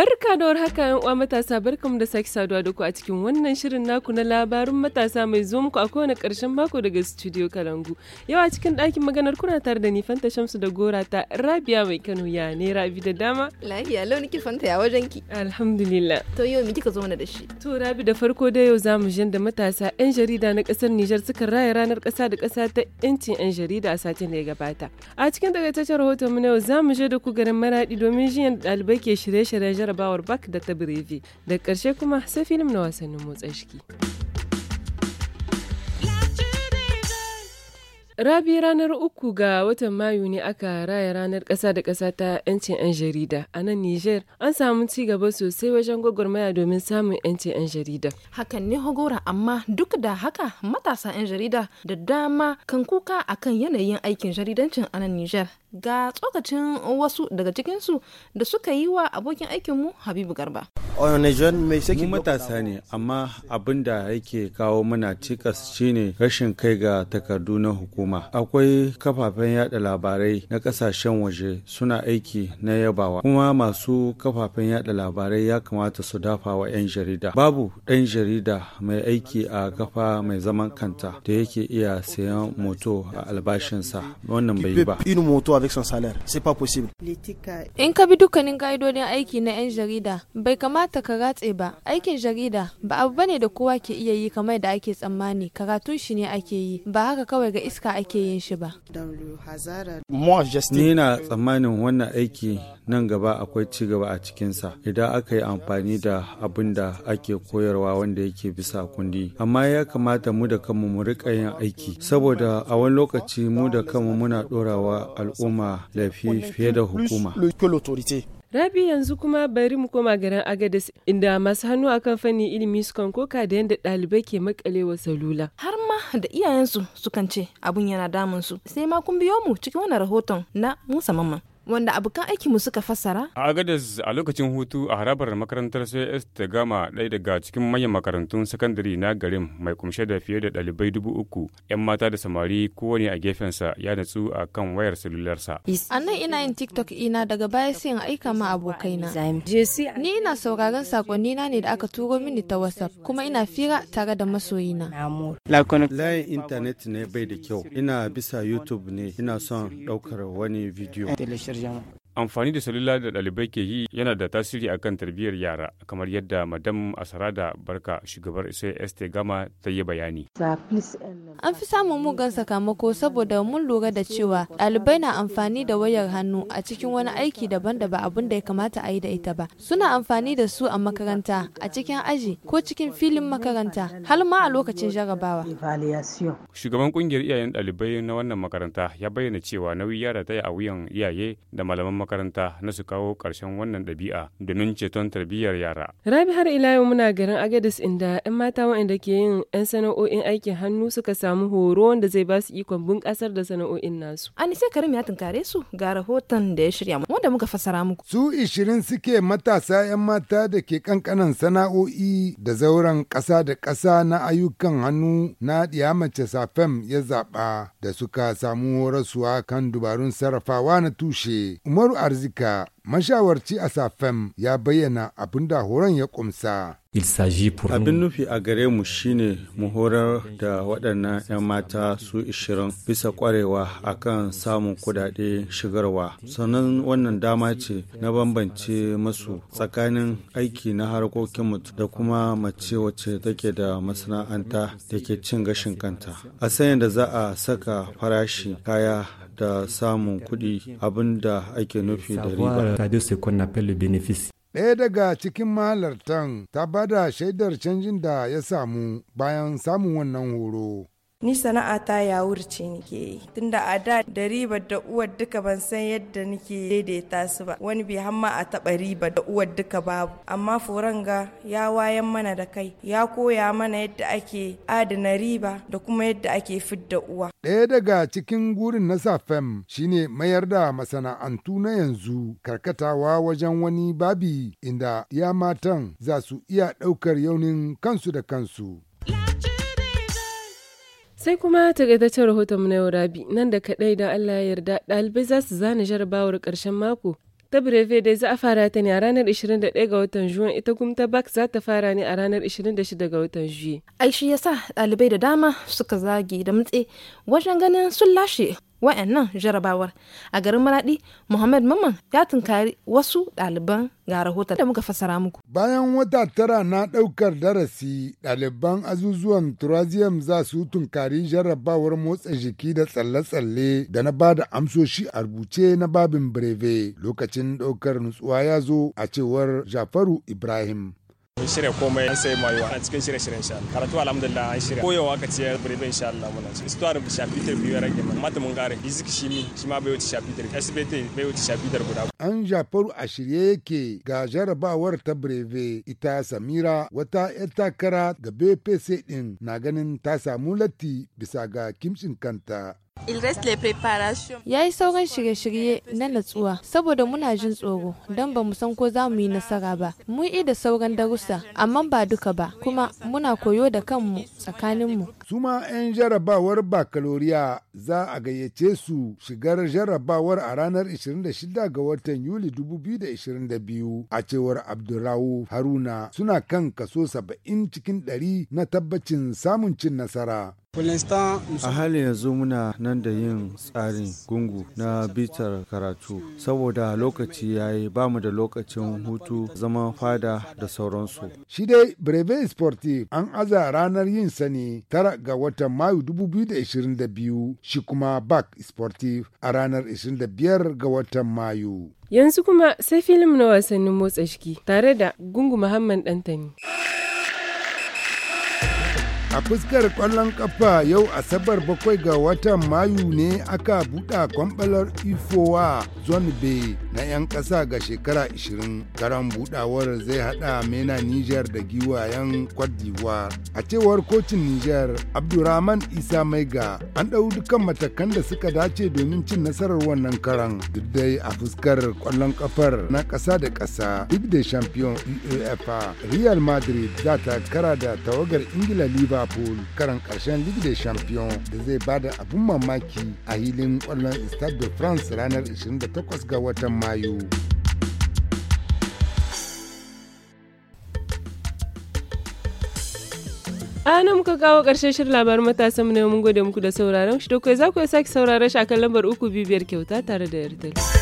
Barka da warhaka ‘yan uwa matasa barkamu da sake saduwa da ku a cikin wannan shirin naku na labarun matasa mai zo muku a kowane ƙarshen mako daga studio Kalangu. Yau a cikin ɗakin maganar kuna tare da ni Fanta Shamsu da Gora ta Rabia mai Kano ya ne Rabi da dama. Lafiya lau ki Fanta ya wajen ki. Alhamdulillah. To yau me kika zo mana da shi? To Rabi da farko da yau za mu da matasa ‘yan jarida na ƙasar Nijar suka raya ranar ƙasa da ƙasa ta ‘yancin ‘yan jarida a satin da ya gabata. A cikin takaitaccen rahoton mu na yau za mu je da ku garin Maraɗi domin jiyan ɗalibai ke shirye-shiryen jarabawar bak da ta birevi daga ƙarshe kuma sai filim na wasannin motsa shiki. Rabi ranar uku ga watan Mayu ne aka raya ranar ƙasa da kasa ta 'yancin 'yan jarida a nan Nijar. An samu ci gaba sosai wajen gwagwarmaya domin samun 'yancin 'yan jarida. Hakan ne hagora amma duk da haka matasa 'yan jarida da dama kan kuka a kan yanayin aikin jaridancin a nan Nijar. Ga tsokacin wasu daga cikinsu da suka yi wa abokin aikinmu Habibu Garba. Mu matasa ne amma abin da yake kawo mana cikas shine rashin kai ga takardu na hukuma. al'umma akwai kafafen yada labarai na kasashen waje suna aiki na yabawa kuma masu kafafen yada labarai ya kamata su dafa wa 'yan jarida babu ɗan jarida mai aiki a kafa mai zaman kanta da yake iya sayan moto a albashinsa wannan bai ba in ka bi dukkanin ka'idodin aiki na 'yan jarida bai kamata ka ratse ba aikin jarida ba abu bane da kowa ke iya yi kamar da ake tsammani karatun shi ne ake yi ba haka kawai ga iska ake yin shi ba. Ni na tsammanin wannan aiki nan gaba akwai ci gaba a cikinsa idan aka yi amfani da abin da ake koyarwa wanda yake bisa kundi. Amma ya kamata mu da kanmu mu riƙa yin aiki saboda a wani lokaci mu da kanmu muna ɗorawa al'umma laifi fiye da hukuma. Rabi yanzu kuma bari mu koma garin Agadez inda masu hannu akan fannin ilimi sukan koka da yadda ɗalibai ke wa salula. Har ma da iyayensu sukan ce abun yana damun su. Sai ma kun biyo mu cikin wani rahoton na Musa Mamman. wanda abokan aikinmu suka fassara? A Agadez a lokacin hutu a harabar makarantar CS ta gama ɗaya daga cikin manyan makarantun sakandare na garin mai kumshe da fiye da ɗalibai dubu uku, 'yan mata da samari kowane a gefen sa ya natsu a kan wayar salularsa. A nan ina yin TikTok ina daga baya sai in aika ma abokaina. Ni ina sauraron sakonnina ne da aka turo mini ta WhatsApp kuma ina fira tare da masoyina. Layin intanet ne bai da kyau. Ina bisa YouTube ne ina son ɗaukar wani bidiyo. Yeah. amfani da salula da ɗalibai ke yi yana da tasiri akan tarbiyyar yara kamar yadda madam asarada barka shugabar este gama ta yi bayani an fi samun mugan sakamako saboda mun lura da cewa ɗalibai na amfani da wayar hannu a cikin wani aiki daban da ba abin da ya kamata a yi da ita ba suna amfani da su a makaranta a cikin aji ko cikin filin makaranta har ma a lokacin jarabawa shugaban kungiyar iyayen ɗalibai na wannan makaranta ya bayyana cewa nauyi yara ta yi a wuyan iyaye da malaman makaranta makaranta na su kawo ƙarshen wannan ɗabi'a domin ceton tarbiyyar yara. Rabi har ila yau muna garin Agadis inda 'yan mata waɗanda ke yin 'yan sana'o'in aikin hannu suka samu horo wanda zai ba su ikon bunƙasar da sana'o'in nasu. Anise Karim ya tunkare su ga rahoton da ya shirya wanda muka fasara muku. Su ishirin suke matasa 'yan mata da ke kankanan sana'o'i da zauren ƙasa da ƙasa na ayyukan hannu na mace Safem ya zaɓa da suka samu rasuwa kan dubarun sarrafawa na tushe. Umaru Arzika Mashawarci a safen ya bayyana abin da horon ya kumsa. Abin nufi a gare mu shine mu horar da waɗannan 'yan mata su 20 bisa ƙwarewa kan samun kuɗaɗe shigarwa. Sannan wannan dama ce na bambance masu tsakanin aiki na harkokin mutu da kuma mace wacce take da masana'anta da ke cin gashin kanta. A sayan da za a saka farashi kaya da samun kuɗi abin da ake nufi da riba. Radio ce le Ɗaya daga cikin mahalartan ta bada shaidar canjin da ya samu bayan samun wannan horo. Ni sana'a ta ya wurce nike yi. Tunda a da da ribar da uwar duka ban san yadda nike daidaita su ba. Wani bai hamma a taba riba da uwar duka babu. Amma ga ya wayan mana da kai. Ya koya mana yadda ake adana riba da kuma yadda ake fidda uwa. Ɗaya daga cikin gurin na SAFEM shine mayar da masana'antu na yanzu karkatawa wajen wani babi inda ya matan za su iya ɗaukar yaunin kansu da kansu. Sai kuma takaitaccen rahoton na yau rabi nan da kaɗai don Allah ya yarda ɗalibai za su zana jarabawar ƙarshen mako. Ta Breve dai za a fara ta ne a ranar 21 ga watan Juwan ita kuma ta Bak za ta fara ne a ranar 26 ga watan Juye. Ai shi yasa ɗalibai da dama suka zage da mutse wajen ganin sun lashe wa'annan jarabawar a garin maradi muhammad mamman ya tunkari wasu ɗaliban ga rahoton da muka fasara muku bayan wata tara na ɗaukar darasi ɗaliban azuzuwan turaziyam za su tunkari jarabawar motsa jiki da tsalle-tsalle da na bada amsoshi a rubuce na babin breve lokacin ɗaukar nutsuwa ya zo a cewar jafaru ibrahim shirya komai an sai mayuwa a cikin shirya shiryen sha karatu alhamdulillah an shirya koyawa ka ce birbe insha Allah muna ci istuwar shafitar biyu ya rage mana mata mun gare izik mi shi ma bai wuce shafitar sbt bai wuce shafitar guda an jafaru a shirye yake ga jarabawar ta breve ita samira wata yar takara ga bpc din na ganin ta samu latti bisa ga kimcin kanta Ya yi sauran shirye-shirye na natsuwa saboda muna jin tsoro don ba mu san ko za mu yi nasara ba. mu yi da sauran darussa amma ba duka ba kuma muna koyo da kanmu tsakaninmu. Su ma 'yan jarabawar bakaloriya za a gayyace su shigar jarabawar a ranar 26 ga watan Yuli 2022 a cewar abdurrahu Haruna suna kan kaso 70 cikin 100 na tabbacin samun cin nasara. A halin yanzu muna nan da yin tsarin gungu na bitar karatu, saboda lokaci ya yi ba da lokacin hutu zaman fada da sauransu. Shi dai Breve sportif an aza ranar yin sani tara ga watan Mayu 2022 shi kuma Bak sportif a ranar 25 ga watan Mayu. Yanzu kuma sai filim na wasannin motsa ciki tare da Gungu Muhammad Dantani. A fuskar kwallon ƙafa yau Asabar bakwai ga watan Mayu ne aka buɗa kwamɓalar Ifowa e Zone B na 'yan ƙasa ga shekara 20. Karan buɗawar zai haɗa mena Niger da giwayen Cote d'Ivoire. A cewar kocin Niger, Abdurrahman Isa Maiga an ɗau dukkan matakan da suka dace domin cin nasarar wannan karan. Duk dai a fuskar kwallon ƙafar na ƙasa da ƙasa duk da champion UEFA Real Madrid za ta kara da tawagar Ingila Liba liverpool karan karshen ligue de champion da zai bada abun mamaki a hilin kwallon stade de france ranar 28 ga watan mayu a nan muka kawo ƙarshen shirin labarin matasan mu ne mun gode muku da sauraron shi da kai za ku sake sauraron shi a kan lambar uku bibiyar kyauta tare da yartel.